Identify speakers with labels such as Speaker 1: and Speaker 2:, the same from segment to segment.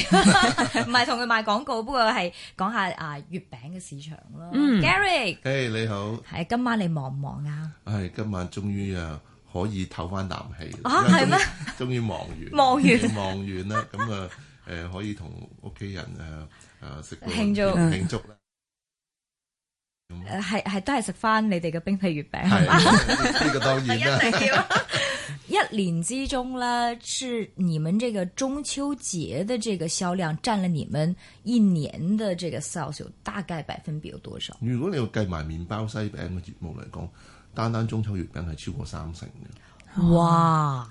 Speaker 1: 唔係同佢賣廣告，不過係講下啊月餅嘅市場咯。
Speaker 2: Gary，誒你好，係
Speaker 1: 今晚你忙唔忙啊？
Speaker 2: 係今晚終於啊可以唞翻啖氣啊？係咩？終於忙完，忙完，忙完啦。咁啊誒可以同屋企人啊啊食慶祝慶祝啦。
Speaker 1: 誒係係都係食翻你哋嘅冰皮月餅。呢個當然啦。一年之中啦，是你們這個中秋節的這個銷量占了你們一年的這個 sales 大概，百分比有多少？
Speaker 2: 如果你要計埋麵包西餅嘅業務嚟，講，單單中秋月餅係超過三成嘅。
Speaker 1: 哇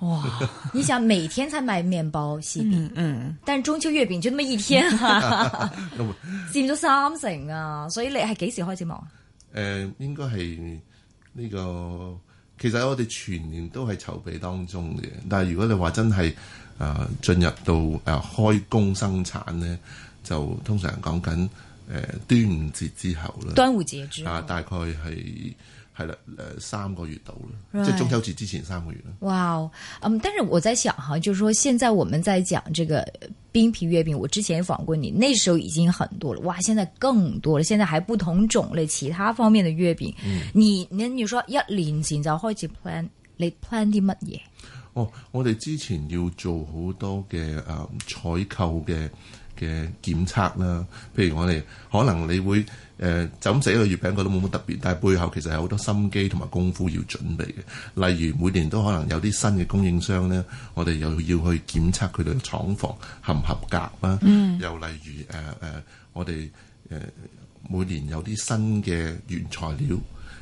Speaker 1: 哇， 你想每天才賣麵包西餅、 嗯，嗯，但中秋月餅就那麼一天啊，佔咗三成 啊，所以你係幾時開始忙？誒、呃，
Speaker 2: 應該係呢個。其實我哋全年都係籌備當中嘅，但係如果你話真係誒進入到誒開工生產呢，就通常講緊誒端午節之後啦。端午節之後啊，大概係。係啦，誒三個月到啦，Right. 即係中秋節之前三個月
Speaker 1: 啦。哇，嗯，但是我在想哈，就是說現在我們在講這個冰皮月餅，我之前訪過你，那時候已經很多了，哇，現在更多了，現在還不同種類其他方面的月餅。Mm. 你，你，你說，一年前就開始 plan，你 plan 啲乜嘢？哦
Speaker 2: ，oh, 我哋之前要做好多嘅誒採購嘅。呃嘅檢測啦，譬如我哋可能你會誒、呃、就咁食一個月餅，覺得冇乜特別，但係背後其實有好多心機同埋功夫要準備嘅。例如每年都可能有啲新嘅供應商呢，我哋又要去檢測佢哋廠房合唔合格啦。嗯、又例如誒誒、呃呃，我哋誒、呃、每年有啲新嘅原材料，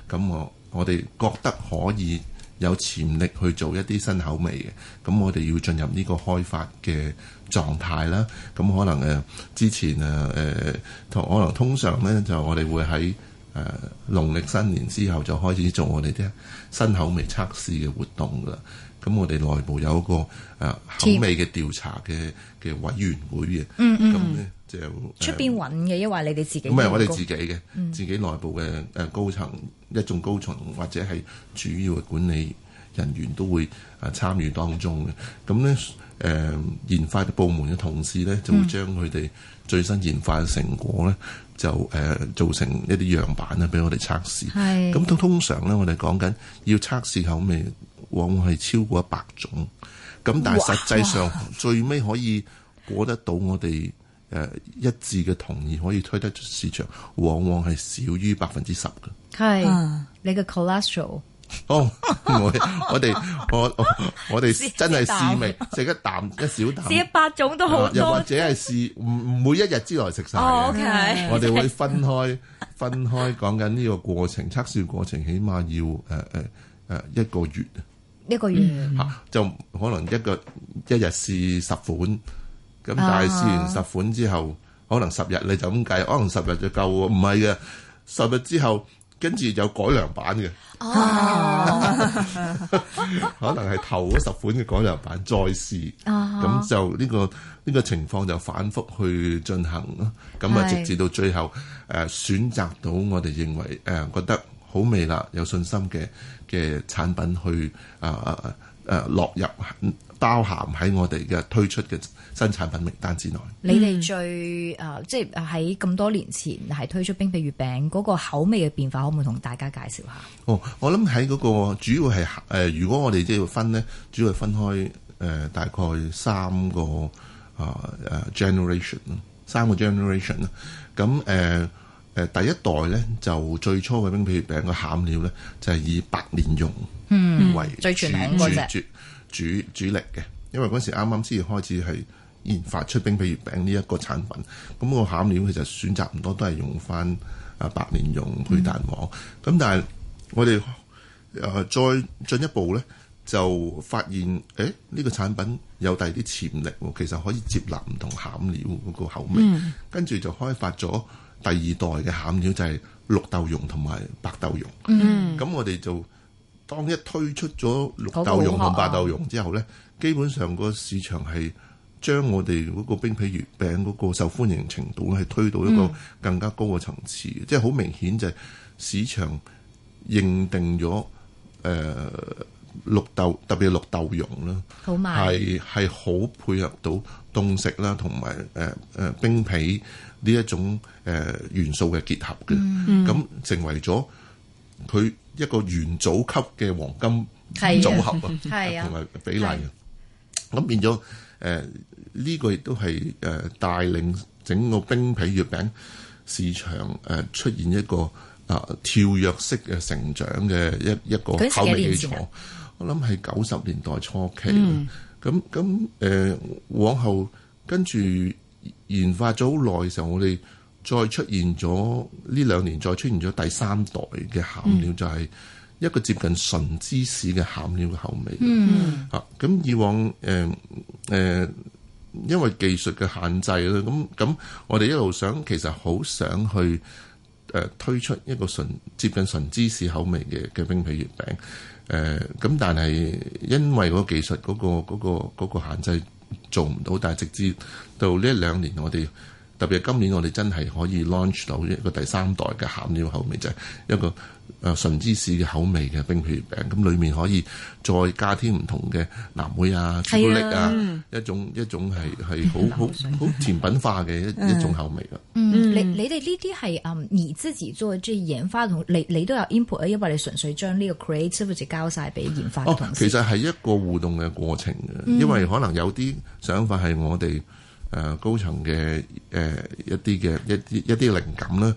Speaker 2: 咁我我哋覺得可以有潛力去做一啲新口味嘅，咁我哋要進入呢個開發嘅狀態啦。咁可能誒、呃，之前誒誒、呃，同可能通常咧，就我哋會喺誒、呃、農曆新年之後就開始做我哋啲新口味測試嘅活動噶啦。咁我哋內部有一個誒、呃、口味嘅調查嘅嘅委員會嘅，咁咧。嗯嗯出邊
Speaker 1: 揾嘅，抑或你哋自己？唔係我哋自己
Speaker 2: 嘅，嗯、自己內部嘅誒，高層一眾高層或者係主要嘅管理人員都會誒參與當中嘅。咁咧誒研發嘅部門嘅同事咧就會將佢哋最新研發嘅成果咧就誒做、呃、成一啲樣板啊，俾我哋測試。咁通是通常咧，我哋講緊要測試口味，往往係超過一百種。咁但係實際上哇最尾可以過得到我哋。誒，一致嘅同意可以推得出市場，往往係少於百分之十
Speaker 3: 嘅。係
Speaker 1: 你嘅 cholesterol。哦，
Speaker 2: 我我哋我我哋真係試味，食一啖一小啖。試一
Speaker 1: 百種都好又或
Speaker 2: 者係試唔唔，每一日之內食晒。ok。我哋會分開分開講緊呢個過程，測試過程起碼要誒誒誒一個月。一個月吓，就可能一個一日試十款。咁但係試完十款之後，uh huh。可能十日你就咁計，可能十日就夠喎。唔係嘅，十日之後跟住有改良版嘅，uh
Speaker 4: huh。
Speaker 2: 可能係頭嗰十款嘅改良版再試。咁、uh huh。就呢、呢個呢、呢個情況就反覆去進行咯。咁啊，直至到最後誒、uh huh。呃、選擇到我哋認為誒、呃、覺得好味啦、有信心嘅嘅產品去啊啊！呃誒、呃、落入包含喺我哋嘅推出嘅新產品名單之內。
Speaker 1: 你哋最誒、嗯呃，即係喺咁多年前係推出冰皮月餅嗰、那個口味嘅變化，可唔可以同大家介紹一下？
Speaker 2: 哦，我諗喺嗰個主要係誒、呃，如果我哋即係要分呢，主要係分開、呃、大概三個啊、呃、generation 三個 generation 啦、嗯，咁、呃、誒。誒第一代咧，就最初嘅冰皮月餅嘅餡料咧，就係、是、以白蓮蓉為主、嗯、主主主，主，主力嘅。因為嗰時啱啱先至開始係研發出冰皮月餅呢一個產品，咁、那個餡料其實選擇唔多，都係用翻啊白蓮蓉配蛋黃。咁、嗯、但係我哋、呃、再進一步咧，就發現誒呢、欸呢個產品有第二啲潛力喎，其實可以接納唔同餡料嗰個口味，跟住、嗯、就開發咗。第二代嘅餡料就係綠豆蓉同埋白豆蓉，咁、mm hmm. 我哋就當一推出咗綠豆蓉同白豆蓉之後呢、啊、基本上個市場係將我哋嗰個冰皮月餅嗰個受歡迎程度呢，係推到一個更加高嘅層次、mm hmm. 即係好明顯就係市場認定咗誒。呃綠豆特別係綠豆蓉啦，係係賣好配合到凍食啦，同埋誒誒冰皮呢一種誒、呃、元素嘅結合嘅，咁、嗯嗯、成為咗佢一個元祖級嘅黃金組合啊，同埋、啊、比例。咁、啊、變咗誒呢個亦都係誒帶領整個冰皮月餅市場誒出現一個啊、呃、跳躍式嘅成長嘅一一個口味基礎。嗯我諗係九十年代初期，咁咁誒往後跟住研發咗好耐嘅時候，我哋再出現咗呢兩年，再出現咗第三代嘅餡料，嗯、就係一個接近純芝士嘅餡料嘅口味。嗯，嚇咁、啊、以往誒誒、呃呃，因為技術嘅限制咧，咁咁我哋一路想其實好想去誒、呃、推出一個純接近純芝士口味嘅嘅冰皮月餅。誒，咁、嗯，但係因為個技術嗰、那個嗰、那個嗰、那個限制做唔到，但係直至到呢一兩年我，我哋特別係今年，我哋真係可以 launch 到一個第三代嘅餡料，後面就係、是、一個。誒，純、呃、芝士嘅口味嘅冰皮餅，咁裏面可以再加添唔同嘅藍莓啊、朱古力啊，啊一種一種係係好好好甜品化嘅一一種口味咯。嗯，
Speaker 1: 你你哋呢啲係誒而自己做即係、就是、研發同你你都有 input 啊，因為你純粹將呢個 create 甚至交晒俾研發。哦，其
Speaker 2: 實係一個互動嘅過程嘅，因為可能有啲想法係我哋誒、呃、高層嘅誒一啲嘅一啲一啲靈感啦。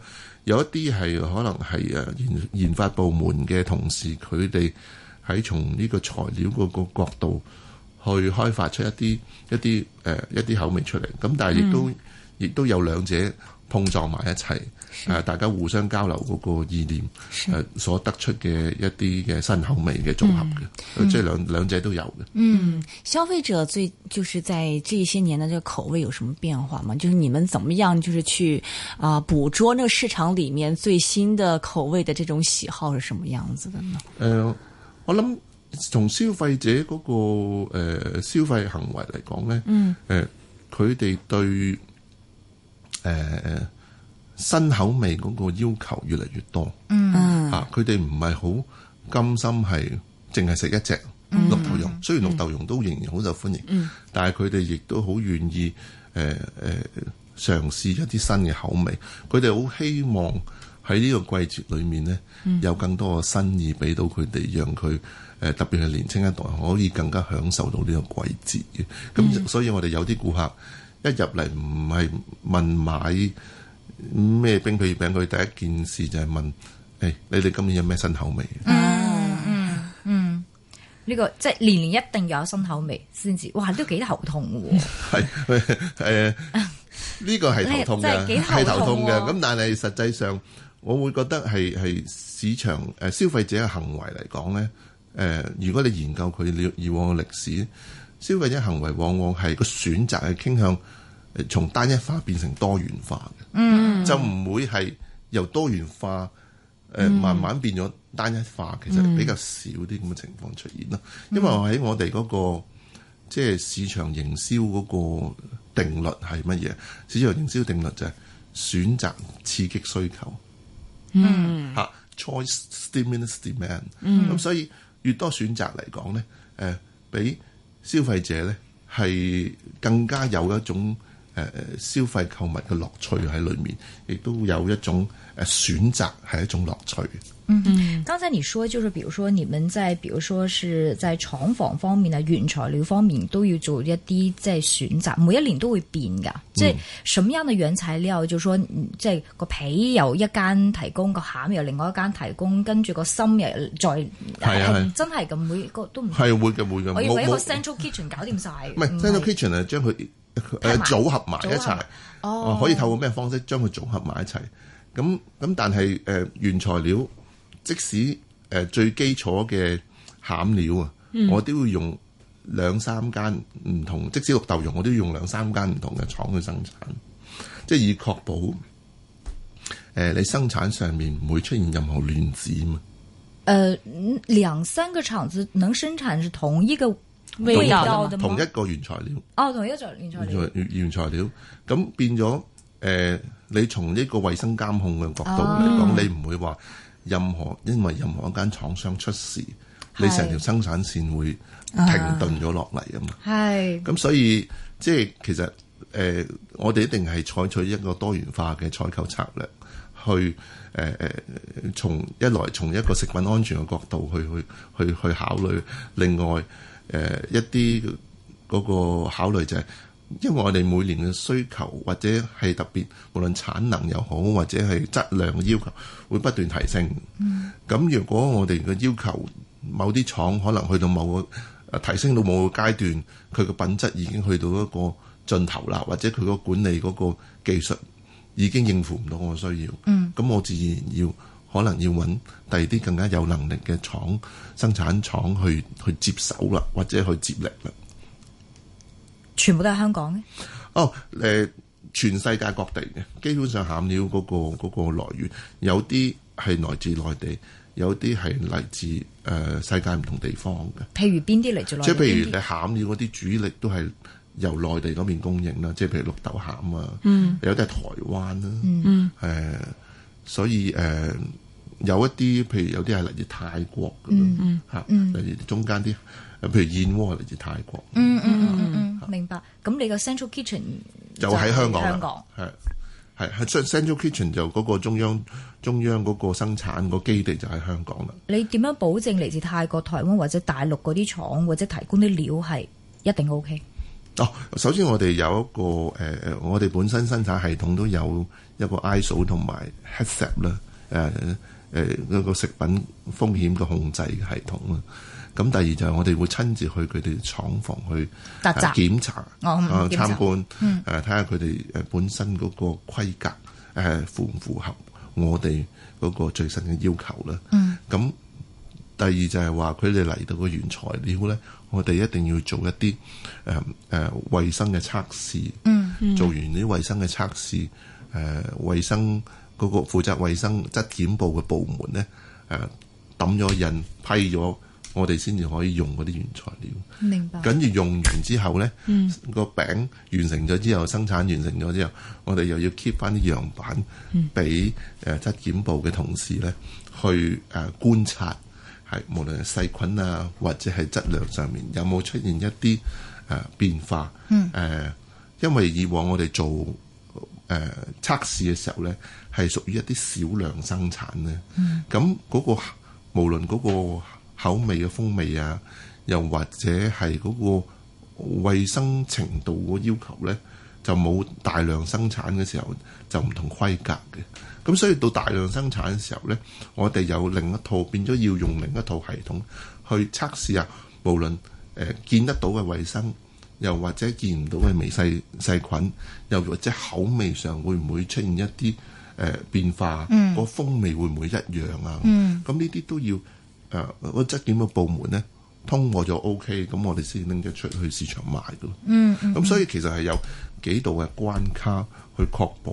Speaker 2: 有一啲係可能係誒研研發部門嘅同事，佢哋喺從呢個材料嗰個角度去開發出一啲一啲誒、呃、一啲口味出嚟。咁但係亦都亦、嗯、都有兩者碰撞埋一齊。誒、啊，大家互相交流嗰個意念，誒是、啊，所得出嘅一啲嘅新口味嘅組合嘅，嗯嗯、即係兩兩者都有嘅。嗯，
Speaker 4: 消費者最就是在這些年嘅呢個口味有什麼變化嘛？就是你們怎麼樣，就是去啊捕捉呢個市場裏面最新嘅口味嘅這種喜好是什麼樣子嘅呢？誒、
Speaker 2: 呃，我諗從消費者嗰、那個誒、呃、消費行為嚟講咧，嗯，誒、呃，佢哋對誒、呃新口味嗰個要求越嚟越多，嗯、啊，佢哋唔係好甘心係淨係食一隻綠豆蓉。嗯、雖然綠豆蓉都仍然好受歡迎，嗯、但係佢哋亦都好願意誒、呃呃、嘗試一啲新嘅口味。佢哋好希望喺呢個季節裏面呢，嗯、有更多嘅新意俾到佢哋，讓佢、呃、特別係年輕一代可以更加享受到呢個季節。咁所以，我哋有啲顧客一入嚟唔係問買咩冰皮月餅？譬如講佢第一件事就係問：誒、哎，你哋今年有咩新口味？嗯嗯嗯，呢、
Speaker 1: 嗯嗯這個即係年年一定有新口味先至。哇，都幾頭痛嘅。
Speaker 2: 係誒， 呢、呃、 個係頭痛嘅，係頭痛嘅。咁但係實際上，我會覺得係係市場誒、呃、消費者嘅行為嚟講咧，誒、呃，如果你研究佢了以往嘅歷史，消費者行為往往係個選擇嘅傾向。從單一化變成多元化嘅，嗯、就唔會係由多元化誒、呃嗯、慢慢變咗單一化，其實比較少啲咁嘅情況出現咯。嗯、因為喺我哋嗰、嗰個即係、即係、市場營銷嗰個定律係乜嘢？市場營銷定律就係選擇刺激需求，
Speaker 3: 嗯、
Speaker 2: 吓、啊、choice stimulates demand。咁所以越多選擇嚟講咧，誒、呃，俾消費者咧係更加有一種。誒誒、呃，消費購物嘅樂趣喺裏面，亦都有一種誒、啊、選擇係一種樂趣嘅。嗯嗯
Speaker 1: 哼，剛才你說，就是，譬如說，你們在，譬如說是在廠房方面啊，原材料方面都要做一啲即係選擇，每一年都會變㗎。即係、嗯、什麼樣嘅原材料，就是、說即係個皮由一間提供，個餡由另外一間提供，跟住個心又再係啊，是啊真係咁每個都唔係、啊、
Speaker 2: 會嘅會嘅我，我要一個
Speaker 1: central kitchen 搞掂晒，唔係 central
Speaker 2: kitchen 係將佢。誒、呃，組合埋一齊，哦、啊，可以透過咩方式將佢組合埋一齊？咁咁，但係誒、呃、原材料，即使誒、呃、最基礎嘅餡料啊、嗯，我都要用兩三間唔同，即使綠豆蓉，我都要用兩三間唔同嘅廠去生產，即係以確保誒、呃、你生產上面唔會出現任何亂子嘛？
Speaker 1: 誒、呃，兩三個廠子能生產是同一個。未有同一
Speaker 2: 個原材料哦，
Speaker 1: 同一個原
Speaker 2: 材料原材料，咁變咗誒、呃。你從呢個衛生監控嘅角度嚟講，啊、你唔會話任何因為任何一間廠商出事，
Speaker 3: 是你成條生
Speaker 2: 產線會停頓咗落嚟啊嘛。係咁，所以即係其實誒、呃，我哋一定係採取一個多元化嘅採購策略去誒誒，從、呃、一來從一個食品安全嘅角度去去去去考慮，另外。誒一啲嗰個考慮就係，因為我哋每年嘅需求或者係特別，無論產能又好，或者係質量嘅要求，會不斷提升。嗯。咁如果我哋嘅要求，某啲廠可能去到某個提升到某個階段，佢嘅品質已經去到一個盡頭啦，或者佢個管理嗰個技術已經應付唔到我嘅需要。嗯。咁我自然要。可能要揾第二啲更加有能力嘅廠、生產廠去去接手啦，或者去接力啦。
Speaker 1: 全部都係香港咧？
Speaker 2: 哦，誒，全世界各地嘅，基本上餡料嗰、那個嗰、那個來源，有啲係來自內地，有啲係嚟自誒、呃、世界唔同地方嘅。
Speaker 1: 譬如邊啲嚟？咗？即係譬如你
Speaker 2: 餡料嗰啲主力都係由內地嗰邊供應啦，即係譬如綠豆餡啊，嗯，有啲係台灣啦、啊，嗯，誒、呃，所以誒。呃有一啲，譬如有啲係嚟自泰國咁樣，嗯，例、嗯、如中間啲，譬如燕窩係嚟自泰國嗯。嗯
Speaker 1: 嗯嗯嗯，嗯是明白。咁你個 cent central kitchen
Speaker 2: 就喺香港，香港係，係喺 central kitchen 就嗰個中央中央嗰個生產個基地就喺香港啦。
Speaker 1: 你點樣保證嚟自泰國、台灣或者大陸嗰啲廠或者提供啲料係一定 OK？哦、
Speaker 2: 啊，首先我哋有一個、呃、我哋本身生產系統都有一個 ISO 同埋 headset 啦、呃，誒，個食品風險嘅控制系統啦。咁第二就係我哋會親自去佢哋廠房去檢查、參觀，誒睇下佢哋誒本身嗰個規格誒符唔符合我哋嗰個最新嘅要求啦。咁、嗯、第二就係話佢哋嚟到嘅原材料咧，我哋一定要做一啲誒誒衛生嘅測試。嗯嗯、做完啲衛生嘅測試，誒衛生。嗰個負責衛生質檢部嘅部門呢，誒抌咗印批咗，我哋先至可以用嗰啲原材料。明
Speaker 3: 白。跟
Speaker 2: 住用完之後呢，嗯、個餅完成咗之後，生產完成咗之後，我哋又要 keep 翻啲樣板，俾誒質檢部嘅同事呢去誒觀察，係無論係細菌啊，或者係質量上面有冇出現一啲誒變化。嗯、因為以往我哋做誒、呃、測試嘅時候呢，係屬於一啲少量生產呢。咁嗰、嗰個無論嗰個口味嘅風味啊，又或者係嗰個衞生程度嘅要求呢，就冇大量生產嘅時候就唔同規格嘅。咁所以到大量生產嘅時候呢，我哋有另一套變咗要用另一套系統去測試啊。無論、呃、見得到嘅衛生。又或者見唔到嘅微細細菌，又或者口味上會唔會出現一啲誒、呃、變化？個、嗯、風味會唔會一樣啊？咁呢啲都要誒個質檢嘅部門咧，通過就 O K，咁我哋先拎咗出去市場賣嘅咯。咁、嗯嗯、所以其實係有幾度嘅關卡。去確保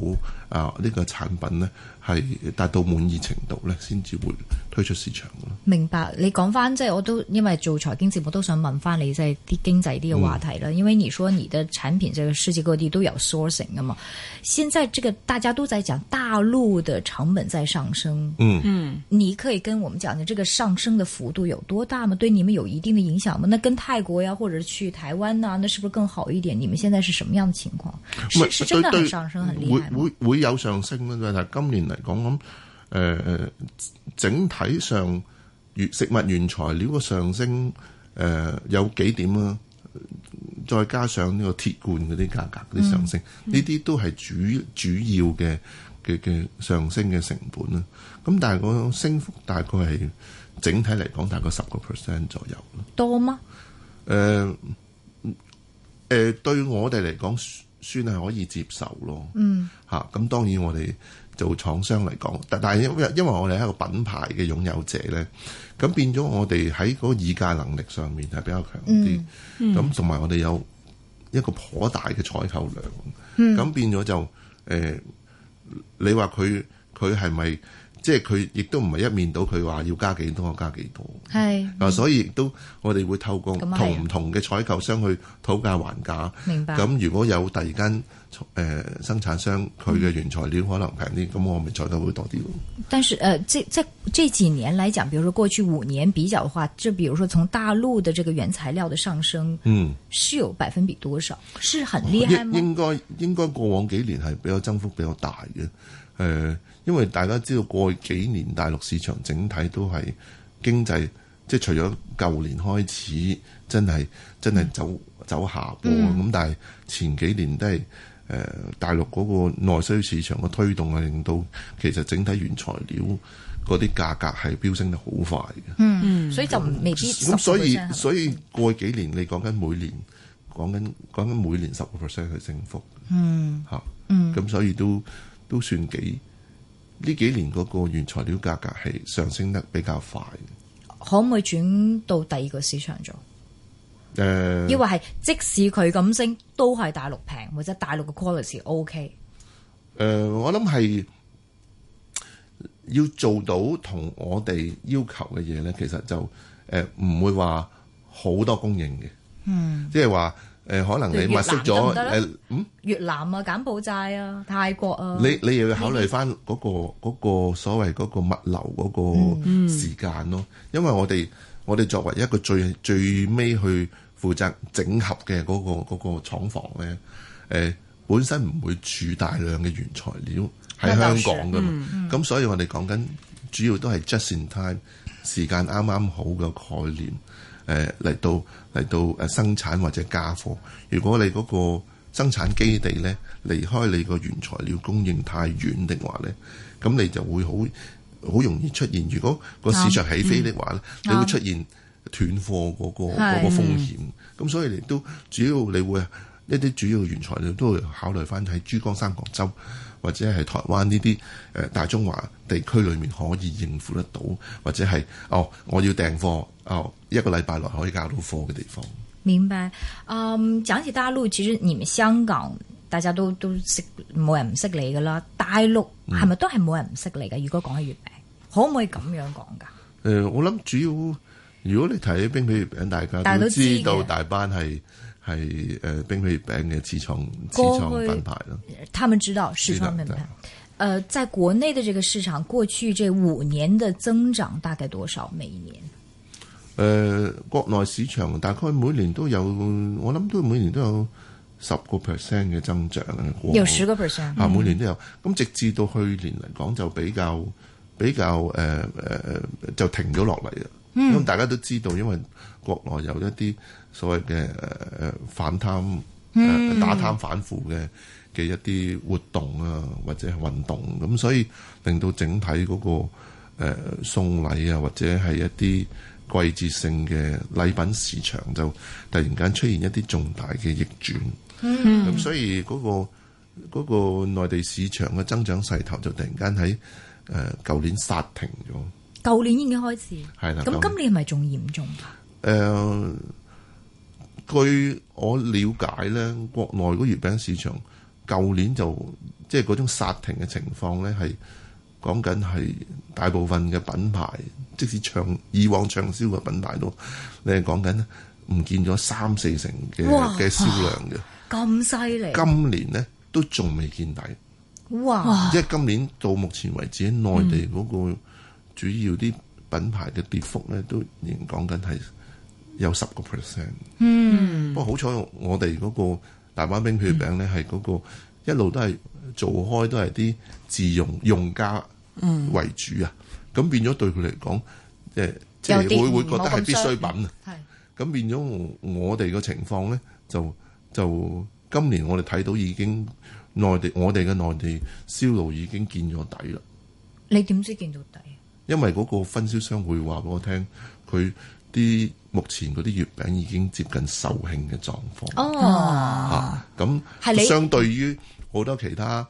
Speaker 2: 啊呢、呃這個產品呢，係達到滿意程度呢，先至會推出市場。
Speaker 1: 明白，你講翻即係我都因為做財經節目都想問翻你即係啲經濟啲嘅話題啦。嗯、因為你說你的產品在世界各地都有 sourcing 噶嘛，現在這個大家都在講大陸的成本在上升，嗯嗯，你可以跟我們講的這個上升的幅度有多大嗎？對你們有一定的影響嗎？那跟泰國呀、啊，或者去台灣嗱、啊，那是不是更好一點？你們現在是什麼樣嘅情況？嗯、是是真的很上升？對對對。會會
Speaker 2: 會有上升嘅，但係今年嚟講咁，誒、呃，整體上原食物原材料嘅上升，誒、呃，有幾點啦、啊，再加上呢個鐵罐嗰啲價格嗰啲上升，呢啲、嗯、都係主主要嘅嘅嘅上升嘅成本啦。咁但係個升幅大概係整體嚟講大概十個 percent 左右咯。多嗎？誒、呃，誒、呃，對我哋嚟講。算係可以接受咯，嗯，嚇、啊，咁當然我哋做廠商嚟講，但但係因為我哋係一個品牌嘅擁有者咧，咁變咗我哋喺個議價能力上面係比較強啲，咁同埋我哋有一個頗大嘅採購量，咁變咗就誒、呃，你話佢佢係咪？即係佢亦都唔係一面倒，佢話要加幾多加幾多。
Speaker 3: 係，
Speaker 2: 嗱、嗯、所以亦都我哋會透過同唔同嘅採購商去討價還價。明白。咁如果有第二間生產商，佢嘅原材料可能平啲，咁、嗯、我咪採得會多啲。
Speaker 1: 但是誒，即即係呢幾年嚟講，比如說過去五年比較嘅話，就比如說從大陸嘅這個原材料嘅上升，嗯，是有百分比多少、嗯、是很厲害嗎？應應
Speaker 2: 該應該過往幾年係比較增幅比較大嘅，誒、呃。因為大家知道，過去幾年大陸市場整體都係經濟，即係除咗舊年開始，真係真係走、嗯、走下坡咁。嗯、但係前幾年都係誒、呃、大陸嗰個內需市場嘅推動，啊令到其實整體原材料嗰啲價格係飆升得好快嘅。嗯，
Speaker 1: 所以就未必咁。所以
Speaker 2: 所以過去幾年，你講緊每年講緊講緊每年十個 percent 去升幅，嗯吓、嗯咁，所以都都算幾。呢幾年嗰個原材料價格係上升得比較快，
Speaker 1: 可唔可以轉到第二個市場做？
Speaker 2: 誒、呃，抑或
Speaker 1: 係即使佢咁升，都係大陸平，或者大陸嘅 quality OK？誒，
Speaker 2: 我諗係要做到同我哋要求嘅嘢咧，其實就誒唔、呃、會話好多供應嘅。嗯，即係話。誒、呃、可能你物色咗，嗯、
Speaker 1: 越南啊、柬埔寨啊、泰國啊，你你又要考慮
Speaker 2: 翻、那、嗰個嗰、mm hmm. 所謂嗰個物流嗰個時間咯，mm hmm. 因為我哋我哋作為一個最最尾去負責整合嘅嗰、那個嗰、那個、廠房咧，誒、呃、本身唔會儲大量嘅原材料喺香港噶嘛，咁、mm hmm. 所以我哋講緊主要都係 just in time 時間啱啱好嘅概念。誒，嚟到嚟到誒，生產或者加貨，如果你嗰個生產基地呢離開你個原材料供應太遠的話呢，咁你就會好好容易出現。如果個市場起飛的話呢、嗯、你會出現斷貨嗰個嗰個風險。咁是所以你都主要你會一啲主要原材料都會考慮翻喺珠江三角洲，或者係台灣呢啲大中華地區裏面可以應付得到，或者係哦，我要訂貨，哦一個禮拜內可以搞到貨嘅地方。
Speaker 1: 明白。嗯，講起大陸其實你們香港大家都都識，冇人唔識你噶啦。大陸係咪都係冇人唔識你嘅？如果講起月餅可唔可以咁樣講㗎？呃？
Speaker 2: 我諗主要如果你睇冰皮月餅大家都知道大班係。係誒、呃，冰皮月餅嘅自創會自創品牌咯。
Speaker 1: 他們知道，自創品牌。誒、呃，在國內嘅這個市場，過去這五年的增長大概多少？每一年？
Speaker 2: 誒、呃，國內市場大概每年都有，我諗都每年都有十個 percent 嘅增長過，過有十個 percent。吓、啊，每年都有。咁、嗯、直至到去年嚟講，就比較比較誒誒誒，就停咗落嚟啦。咁、嗯、大家都知道，因為國內有一啲所謂嘅、呃、反貪、
Speaker 3: 呃、打貪
Speaker 2: 反腐嘅嘅一啲活動啊，或者運動，咁所以令到整體嗰、個、呃、送禮啊，或者係一啲季節性嘅禮品市場就突然間出現一啲重大嘅逆轉，咁、嗯、所以嗰、個嗰、個、內地市場嘅增長勢頭就突然間喺誒舊年殺停咗。
Speaker 1: 舊年已經開始，
Speaker 2: 係啦的。咁今
Speaker 1: 年係咪仲嚴重？
Speaker 2: 誒、呃，據我了解咧，國內嗰月餅市場舊年就即係嗰種煞停嘅情況咧，係講緊係大部分嘅品牌，即使暢以往暢銷嘅品牌都，你係講緊唔見咗三四成嘅嘅銷量嘅。
Speaker 1: 咁犀利！今
Speaker 2: 年咧都仲未見底。
Speaker 1: 哇！即
Speaker 2: 係今年到目前為止，喺內地嗰、嗰個。嗯主要啲品牌嘅跌幅咧，都仍講緊係有十個 percent。嗯，不過好彩我哋嗰個大灣冰雪餅咧，係嗰、嗯、個一路都係做開都係啲自用用家為主啊。咁、嗯、變咗對佢嚟講，即係即係會會覺得係必需品啊。係咁變咗，我哋嘅情況咧，就就今年我哋睇到已經內地我哋嘅內地銷路已經見咗底啦。
Speaker 1: 你點知見到底？
Speaker 2: 因為嗰個分銷商會話俾我聽，佢啲目前嗰啲月餅已經接近售罄嘅狀況，吓咁相對於好多其他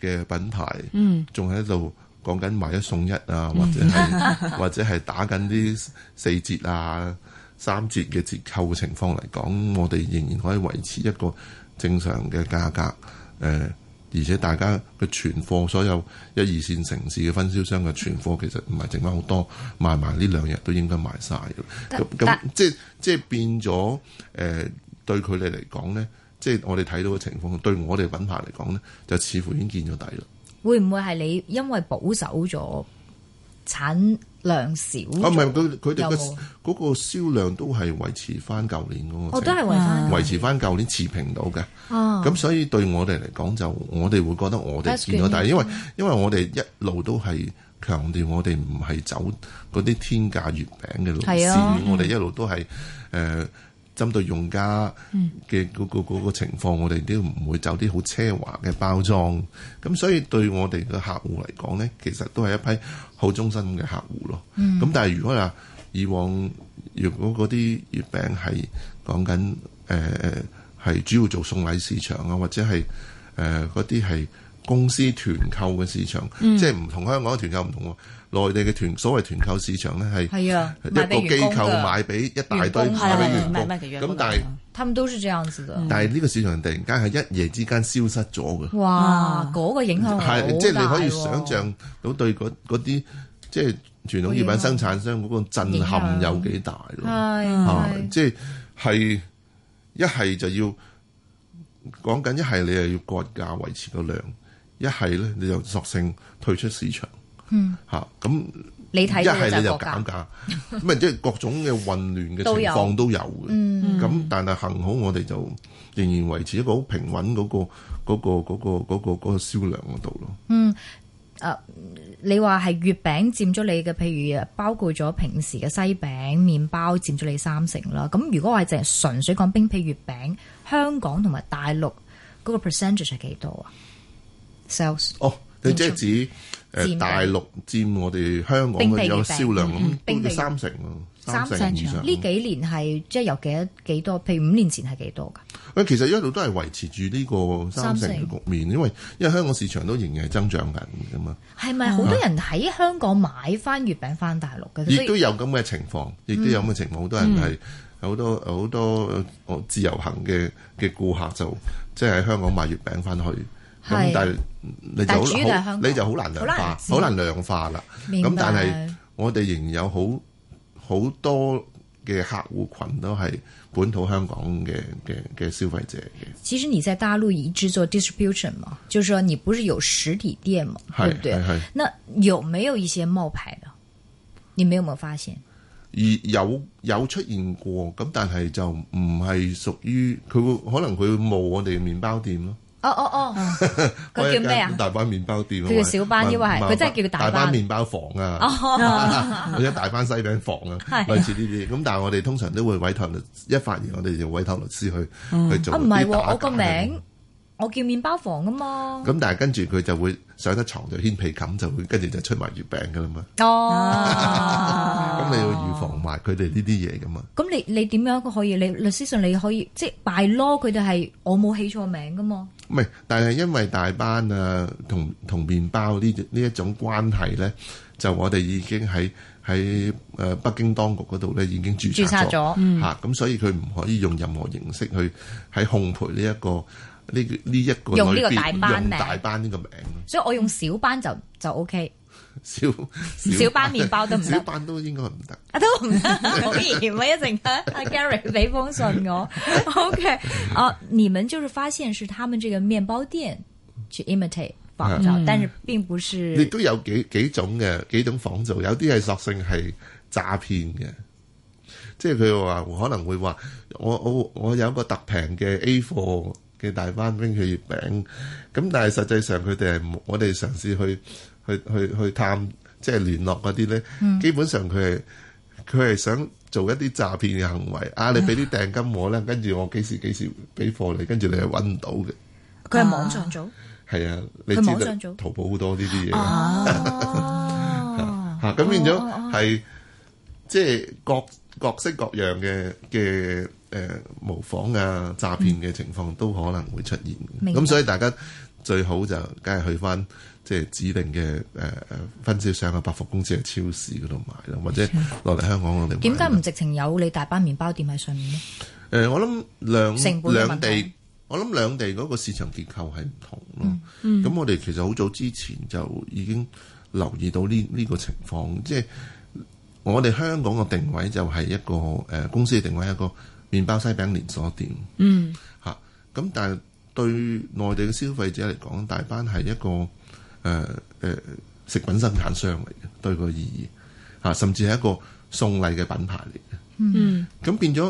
Speaker 2: 嘅品牌，嗯，仲喺度講緊買一送一啊，嗯、或者係 或者係打緊啲四折啊、三折嘅折扣嘅情況嚟講，我哋仍然可以維持一個正常嘅價格，呃。而且大家嘅存貨，所有一、二線城市嘅分銷商嘅存貨，其實唔係剩翻好多，賣埋呢兩日都應該賣晒。咁咁即係即係變咗誒、呃，對佢哋嚟講咧，即係我哋睇到嘅情況，對我哋品牌嚟講咧，就似乎已經見咗底啦。
Speaker 1: 會唔會係你因為保守咗？產量少，唔係，佢佢哋個
Speaker 2: 嗰個銷量都係維持返舊年嗰個程度，我都係維持返舊年持平到嘅。咁、啊、所以對我哋嚟講，就我哋會覺得我哋變咗，啊、但係因為、啊、因為我哋一路都係強調我哋唔係走嗰啲天價月餅嘅路線，啊、我哋一路都係誒。嗯呃針對用家嘅嗰個嗰個情況，嗯、我哋都唔會走啲好奢華嘅包裝，咁所以對我哋嘅客戶嚟講呢，其實都係一批好忠心嘅客戶咯。咁、嗯、但係如果話以往如果嗰啲月餅係講緊誒係主要做送禮市場啊，或者係誒嗰啲係公司團購嘅市場，即係唔同香港嘅團購唔同喎。內地嘅團，所謂團購市場咧，係
Speaker 1: 一個機構買
Speaker 2: 俾一大堆，買俾員工，咁但係，
Speaker 1: 佢們都係這樣子嘅。嗯、但
Speaker 2: 係呢個市場突然間係一夜之間消失咗嘅。
Speaker 1: 哇，嗰的個影響係好大。即係你可以想象
Speaker 2: 到對嗰啲即係傳統月餅生產商嗰個震撼有幾大咯？響啊，即係一係就要講緊一係你又要割價維持個量，一係咧你就索性退出市場。嗯，吓咁、
Speaker 1: 啊，你睇一係你就減
Speaker 2: 價，咁即係各種嘅混亂嘅情況都有嘅。咁、嗯嗯、但係幸好，我哋就仍然維持一個好平穩嗰、嗰個、嗰、嗰個、嗰個、嗰個、嗰個銷量嗰度咯。嗯，誒、
Speaker 1: 呃，你話係月餅佔咗你嘅，譬如包括咗平時嘅西餅、麵包佔咗你三成啦。咁如果話淨係純粹講冰皮月餅，香港同埋大陸嗰個 percentage 係幾多啊？Sales 哦。
Speaker 2: 即係指誒大陸佔我哋香港嘅有銷量咁，都三成喎，三成以上。呢幾
Speaker 1: 年係即係有幾多幾多？譬如五年前係幾多嘅？
Speaker 2: 誒，其實一路都係維持住呢個三成嘅局面，因為因為香港市場都仍然係增長緊嘅嘛。
Speaker 1: 係咪好多人喺香港買翻月餅翻大陸嘅？亦都有
Speaker 2: 咁嘅情況，亦都有咁嘅情況。好多人係好多好多自由行嘅嘅顧客就即係喺香港買月餅翻去。咁但係你就好，香你就好難量化，好白難量化啦。咁白但係我哋仍有好好多嘅客戶群都係本土香港嘅嘅嘅消費者嘅。
Speaker 1: 其實你在大陸已經製作 distribution 嘛？就是說你不是有實體店嘛？
Speaker 2: 的對不對？的
Speaker 1: 那有沒有一些冒牌的？你有沒有冇發現？
Speaker 2: 而有有出現過，咁但係就唔係屬於佢會，可能佢冒我哋麵包店咯。哦哦哦，佢 叫咩啊？ 大班麵包店，佢叫小班，因為係佢真係叫大班麵 包房啊，佢 一大班西餅房啊， 類似呢啲。咁 但係我哋通常都會委託律師，一發現我哋就委託律師去去做啲打、嗯。啊，唔係，我個名。
Speaker 1: 我叫麵包房噶嘛，咁
Speaker 2: 但係跟住佢就會上得床就掀被冚，就會跟住就出埋月餅噶啦嘛。
Speaker 1: 哦，咁你要
Speaker 2: 預防埋佢哋呢啲嘢噶嘛？
Speaker 1: 咁你你點樣可以？你律師上你可以即係 by law 咯，佢哋係我冇起錯名噶嘛？
Speaker 2: 唔係，但係因為大班啊同同麵包呢呢一,一種關係咧，就我哋已經喺喺誒北京當局嗰度咧已經註冊咗，吓咁、嗯啊、所以佢唔可以用任何形式去喺烘焙呢一個。呢呢一個用呢個大班名，大班呢個名，
Speaker 1: 所以我用小班就就 O K。
Speaker 2: 小小班麵包都唔得，小班都應該唔得啊，都唔
Speaker 1: 得好嚴啊，一陣間阿 Gary 俾封信我 O K 啊。你們就是發現是他們這個麵包店去 imitate 仿造，但是並不是亦都
Speaker 2: 有幾幾種嘅幾種仿造，有啲係索性係詐騙嘅，即係佢話可能會話我我我有一個特平嘅 A 貨嘅大班冰皮月餅，咁但係實際上佢哋係我哋嘗試去去去去探，即係聯絡嗰啲咧，嗯、基本上佢係佢係想做一啲詐騙嘅行為。啊，你俾啲訂金我啦，跟住我幾時幾時俾貨你，跟住你係揾唔到嘅。佢係網上做。係啊，啊，你知道。網上做。淘寶好多呢啲嘢。哦、啊。咁、啊啊、變咗係即係各各式各樣嘅嘅。誒、呃、模仿啊詐騙嘅情況都可能會出現，咁、嗯、所以大家最好就梗係去返即係指定嘅誒、呃、分銷商嘅百貨公司嘅超市嗰度買咯，或者落嚟香港我哋。點
Speaker 1: 解唔直情有你大班麵包店喺上面咧？
Speaker 2: 誒、呃，我諗兩成本兩地，我諗兩地嗰個市場結構係唔同咯。咁、嗯嗯、我哋其實好早之前就已經留意到呢呢、呢個情況，即、就、係、是、我哋香港嘅定位就係一個公司嘅定位一個。呃公司的定位是一個麵包西餅連鎖店，嗯，吓咁，但係對內地嘅消費者嚟講，大班係一個誒誒、呃呃、食品生產商嚟嘅，對個意義吓，甚至係一個送禮嘅品牌嚟嘅，嗯，咁變咗，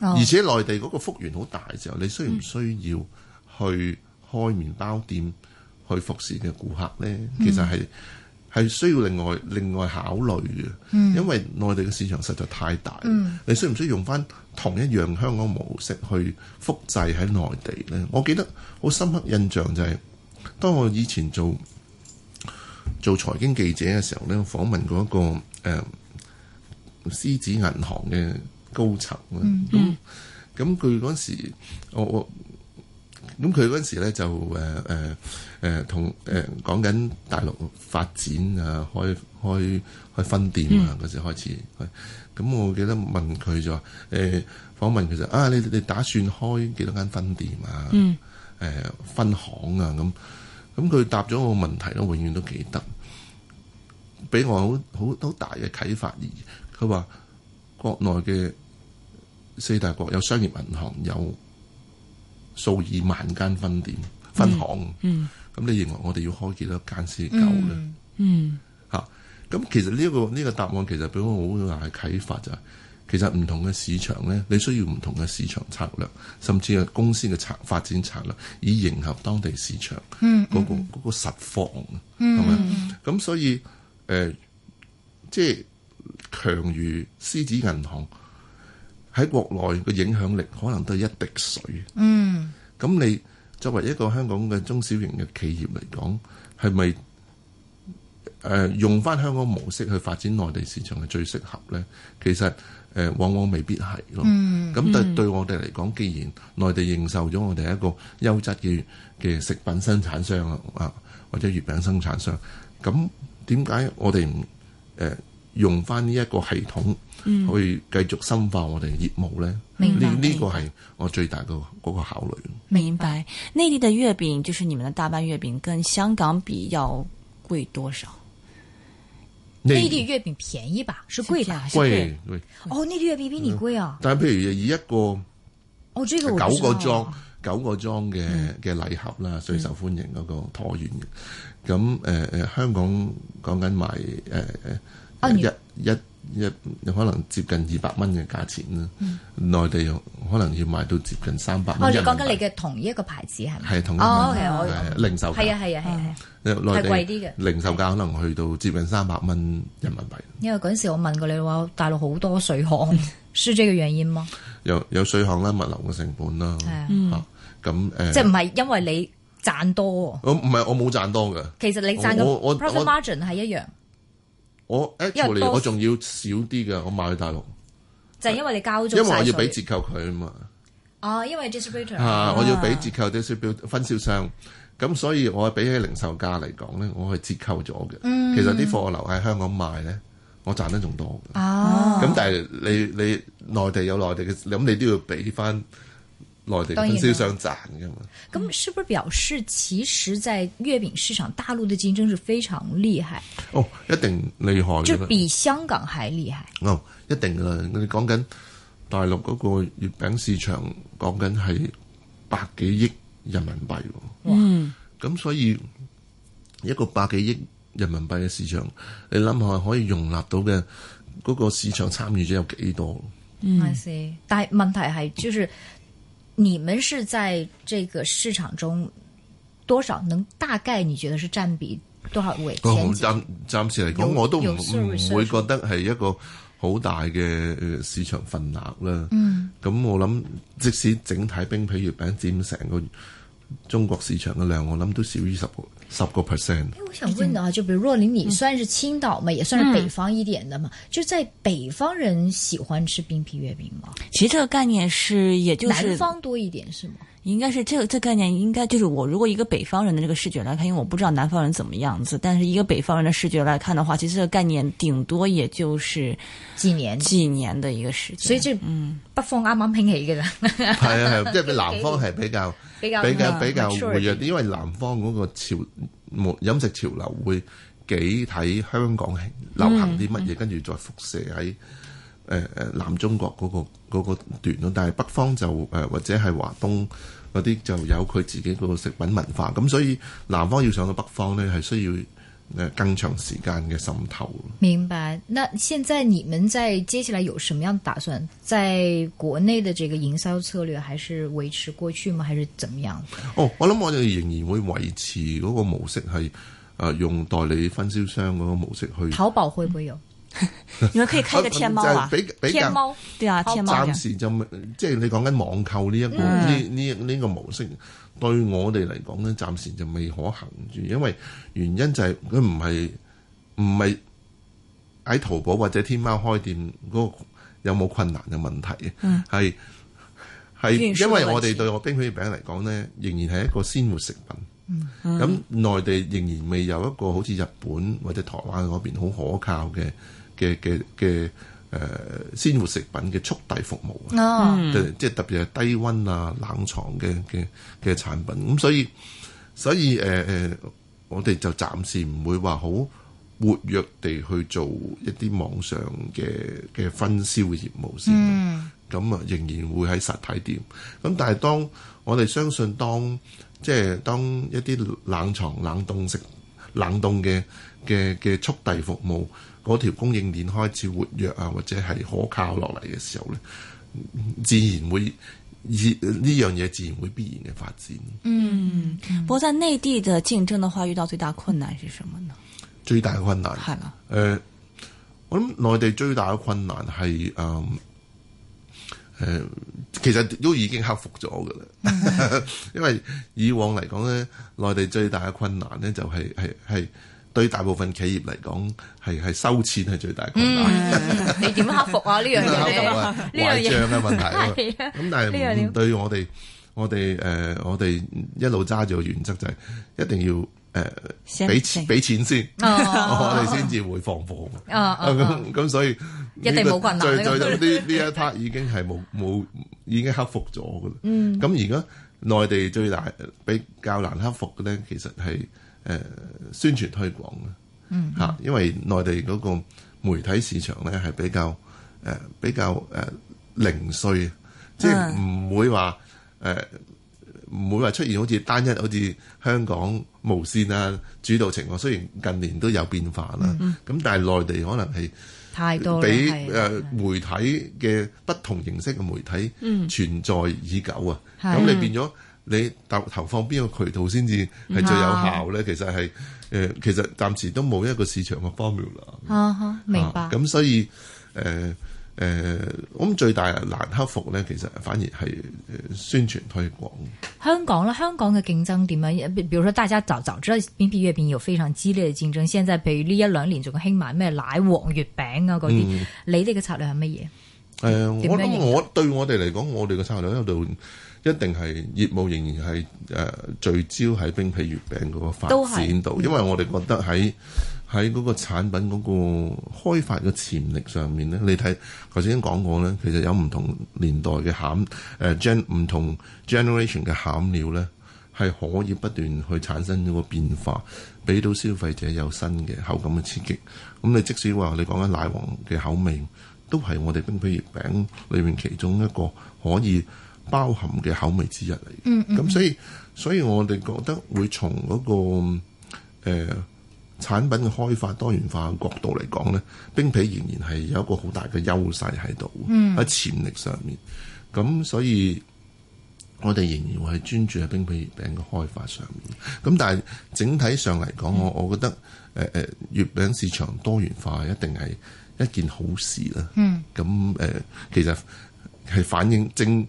Speaker 3: 哦、而
Speaker 2: 且內地嗰個幅員好大嘅時候，你需唔需要去開麵包店去服侍嘅顧客咧？其實係。係需要另外另外考慮嘅，嗯、因為內地嘅市場實在太大，嗯、你需唔需要用翻同一樣香港模式去複製喺內地呢？我記得好深刻印象就係、是，當我以前做做財經記者嘅時候呢，我訪問過一個、呃、獅子銀行嘅高層啊，咁佢嗰時我我。我咁佢嗰陣時呢，就誒誒同誒講緊大陸發展啊，開開開分店啊，嗰時開始。咁、嗯、我記得問佢就話、欸、訪問佢就啊，你你打算開幾多間分店啊？嗯呃、分行啊咁。咁佢答咗我個問題咧，永遠都記得，俾我好好好大嘅啟發，而佢話國內嘅四大國有商業銀行有數以萬間分店、分行，咁、嗯嗯、你認為我哋要開幾多間先夠咧、嗯？嗯，嚇、啊，咁其實呢、這、一個呢、這個答案其實俾我好大嘅啟發就係、是，其實唔同嘅市場咧，你需要唔同嘅市場策略，甚至係公司嘅策發展策略，以迎合當地市場嗰、嗯嗯那個嗰、那個實況，係咁、嗯、所以誒、呃，即係強如獅子銀行。喺國內嘅影響力可能都係一滴水。嗯，咁你作為一個香港嘅中小型嘅企業嚟講，係咪誒用翻香港模式去發展內地市場係最適合呢？其實，呃，往往未必係咯。嗯，咁但對我哋嚟講，既然內地認受咗我哋係一個優質嘅嘅食品生產商啊，或者月餅生產商，咁點解我哋唔用翻呢一個系統去繼續深化我哋業務咧，呢呢個係我最大嘅嗰個考慮。
Speaker 4: 明白。內地嘅月餅就是你們嘅大班月餅，跟香港比要貴多少？
Speaker 2: 內你地
Speaker 4: 月餅便宜吧？
Speaker 1: 是貴大、哦、啊？哦！內地月餅比你貴啊？
Speaker 2: 但係譬如以一個、哦，這個、
Speaker 1: 我知道個九個裝
Speaker 2: 九個裝嘅嘅禮盒啦，最、嗯、受歡迎嗰個橢圓嘅，咁誒誒，香港講緊賣誒誒。呃一一一，可能接近二百蚊嘅價錢啦。內地可能要賣到接近三百。我哋講緊
Speaker 1: 你嘅同一一個牌子係咪？
Speaker 2: 係同一品牌嘅零售。係啊係
Speaker 1: 啊係係。係貴
Speaker 2: 啲嘅。零售價可能去到接近三百蚊人民幣。
Speaker 1: 因為嗰陣時我問過你話，大陸好多稅項，輸追嘅原因嗎？
Speaker 2: 有有稅項啦，物流嘅成本啦。係咁誒。即係唔係
Speaker 1: 因為你賺多？
Speaker 2: 我唔係，我冇賺多嘅。其實你賺咁，我我。Profit
Speaker 1: margin 係一樣。
Speaker 2: 我 actually 為我仲要少啲㗎。我賣去大陸，
Speaker 1: 就因為你交咗，因為我要畀折
Speaker 2: 扣佢嘛。哦、
Speaker 1: 啊，因為 distribution 啊，我要畀折
Speaker 2: 扣 distribution 分銷商，咁所以我係比起零售價嚟講呢，我係折扣咗㗎。嗯、其實啲貨我留喺香港賣呢，我賺得仲多嘅。咁、啊、但係你你，你內地有內地嘅，咁你都要畀返。內地公司想賺
Speaker 1: 嘅嘛，咁是不是表示其實在月餅市場大陸嘅競爭是非常厲害
Speaker 2: 哦？一定厲害的，即係比
Speaker 1: 香港還
Speaker 3: 厲害
Speaker 2: 哦！一定啊！你講緊大陸嗰個月餅市場，講緊係百幾億人民幣。哇！咁、嗯、所以一個百幾億人民幣嘅市場，你諗下可以容納到嘅嗰個市場參與者有幾多？
Speaker 1: 唔係、嗯，但係問題係，就是。你們是在這個市場中多少能大概你覺得是佔比多少位？咁暫
Speaker 2: 暫時嚟講，有我都唔會覺得係一個好大嘅市場份額啦。嗯，咁我諗即使整體冰皮月餅佔成個。中國市場嘅量，我諗都少於十十個 percent，哎。我
Speaker 1: 想問，問的啊，就比如若琳，你算是青島嘛，嗯，也算是北方一點的嘛，就在
Speaker 4: 北方人喜歡吃冰皮月餅嗎？其實這個概念是，也就是南方
Speaker 1: 多一點是嗎？
Speaker 4: 應該是這個這概念，應該就是我如果一個北方人的這個視覺來看，因為我不知道南方人怎麼樣子，但是一個北方人的視覺來看的話，其實這個概念頂多也就是幾年幾年的一個事情。所以就嗯，北方啱啱興起嘅啦，
Speaker 2: 係啊係，即係比南方係比較比較、嗯、比較、嗯、比較弱啲，的因為南方嗰個潮飲食潮流會幾睇香港流行啲乜嘢，嗯嗯、跟住再輻射喺誒誒南中國嗰、嗰個、嗰個段咯。但係北方就誒、呃、或者係華東。嗰啲就有佢自己個食品文化，咁所以南方要上到北方咧，係需要誒更長時間嘅滲透。
Speaker 1: 明白。那現在你們在接下來有什麼樣的打算，在國內的這個營銷策略，還是維持過去嗎？還是怎麼樣？
Speaker 2: 哦，我諗我哋仍然會維持嗰個模式，係誒用代理分銷商嗰個模式去。淘
Speaker 1: 寶會唔會有？你們
Speaker 2: 可以開一個天貓啊！嗯就是、比較
Speaker 4: 天貓對啊，天貓。暫時
Speaker 2: 就未，即係你講緊網購呢一個呢呢呢個模式，對我哋嚟講咧，暫時就未可行住，因為原因就係佢唔係唔係喺淘寶或者天貓開店嗰個有冇困難嘅問題啊？係
Speaker 4: 係、嗯，是是因為我哋
Speaker 2: 對我冰皮月餅嚟講咧，仍然係一個鮮活食品。嗯，咁內地仍然未有一個好似日本或者台灣嗰邊好可靠嘅。嘅嘅嘅誒，鮮活食品嘅速遞服務，啊、oh. 嗯，即係特別係低溫啊冷藏嘅嘅嘅產品咁，所以所以誒誒、呃，我哋就暫時唔會話好活躍地去做一啲網上嘅嘅分銷嘅業務先，咁啊、mm. 仍然會喺實體店咁。但係當我哋相信當，當即係當一啲冷藏冷凍食冷凍嘅嘅嘅速遞服務。嗰條供應鏈開始活躍啊，或者係可靠落嚟嘅時候咧，自然會以呢樣嘢自然會必然嘅發展。嗯，不
Speaker 4: 過在內地嘅競爭嘅話，遇到最大困難係什麼呢？
Speaker 2: 最大嘅困難係啦。誒、呃，我諗內地最大嘅困難係誒誒，其實都已經克服咗㗎啦。 因為以往嚟講咧，內地最大嘅困難咧就係係係。對大部分企業嚟講，係係收錢係最大
Speaker 4: 困難。你點克服啊？呢樣嘢壞賬、嘅問題。咁但
Speaker 2: 係面對我哋我哋誒，我哋一路揸住個原則就係一定要誒俾錢俾錢先，我哋先至會放貨。咁咁所以一定冇困難。最最呢呢一 part 已經係冇冇已經克服咗㗎喇。咁而家內地最大比較難克服嘅咧，其實係。誒宣傳推廣嘅，嚇，因為內地嗰個媒體市場咧係比較誒比較誒零碎，即係唔會話誒唔會話出現好似單一好似香港無線啊主導情況，雖然近年都有變化啦，咁但係內地可能係
Speaker 1: 太多啦，俾誒
Speaker 2: 媒體嘅不同形式嘅媒體存在已久啊，咁你變咗。你投投放邊個渠道先至係最有效咧？嗯、其實係誒、呃，其實暫時都冇一個市場嘅 formula、嗯。
Speaker 3: 明白。咁、
Speaker 2: 啊、所以誒誒，咁、呃呃、最大難克服咧，其實反而係宣傳推廣。
Speaker 1: 香港咧，香港嘅競爭點樣？比，比如說大家就就知道邊批月餅有非常激烈嘅競爭。現在譬如呢一兩年仲興埋咩奶黃月餅啊嗰啲，嗯、你哋嘅策略係乜嘢？
Speaker 2: 誒、呃，我覺得我對我哋嚟講，我哋嘅策略喺度。一定係業務仍然係誒、呃、聚焦喺冰皮月餅嗰個發展度，是因為我哋覺得喺喺嗰個產品嗰個開發嘅潛力上面咧，你睇頭先講過咧，其實有唔同年代嘅餡誒，唔、呃、Gen, 唔同 generation 嘅餡料咧，係可以不斷去產生呢個變化，俾到消費者有新嘅口感嘅刺激。咁你即使話你講緊奶黃嘅口味，都係我哋冰皮月餅裏面其中一個可以包含嘅口味之一嚟嘅，咁、嗯嗯、所以所以我哋覺得會從嗰、那個誒、呃、產品嘅開發多元化角度嚟講咧，冰皮仍然係有一個好大嘅優勢喺度，喺、嗯、潛力上面。咁所以我哋仍然會係專注喺冰皮月餅嘅開發上面。咁但係整體上嚟講，我、嗯、我覺得誒誒、呃、月餅市場多元化一定係一件好事啦。嗯，咁誒、呃、其實係反映正。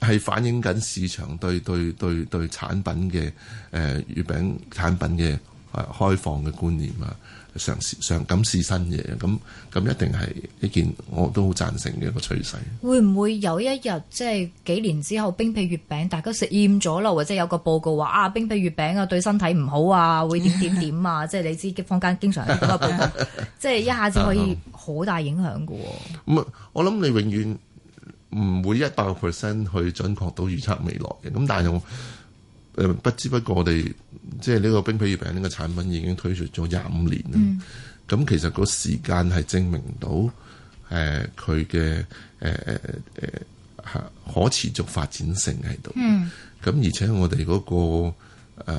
Speaker 2: 係反映緊市場對對對對，對產品嘅誒月餅產品嘅、啊、開放嘅觀念啊，嘗試嘗試新嘢，咁咁一定係一件我都好贊成嘅一個趨勢。
Speaker 1: 會唔會有一日即係幾年之後冰皮月餅大家食厭咗啦，或者有個報告話啊冰皮月餅啊對身體唔好啊，會點點點啊？即係 你知坊間經常有咁嘅報告，即係一下子可以好大影響㗎喎、啊。
Speaker 2: 唔我諗你永遠。唔會一百個 percent 去準確到預測未來嘅，咁但係我，誒不知不覺我哋即係呢個冰皮月餅呢個產品已經推出咗廿五年啦。咁、嗯、其實個時間係證明到誒佢嘅誒誒可持續發展性喺度。咁、嗯、而且我哋嗰、嗰個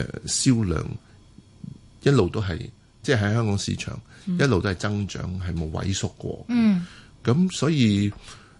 Speaker 2: 誒誒銷量一路都係即係喺香港市場一路都係增長，係冇、嗯、萎縮過。嗯，咁所以。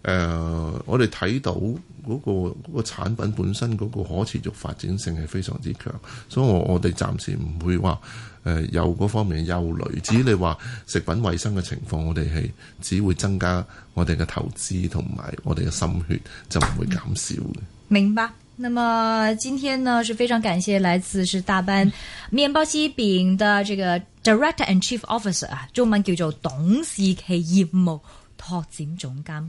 Speaker 2: 呃、我哋睇到嗰、那個那個產品本身嗰可持續發展性係非常之強，所以我我哋暫時唔會話呃有嗰方面嘅憂慮，至於你話食品衛生嘅情況，我哋係只會增加我哋嘅投資同埋我哋嘅心血，就唔會減少嘅。
Speaker 1: 明白。那麼今天呢，是非常感謝來自是大班麵包西餅的這個 Director and Chief Officer 啊，中文叫做董事其業務拓展總監。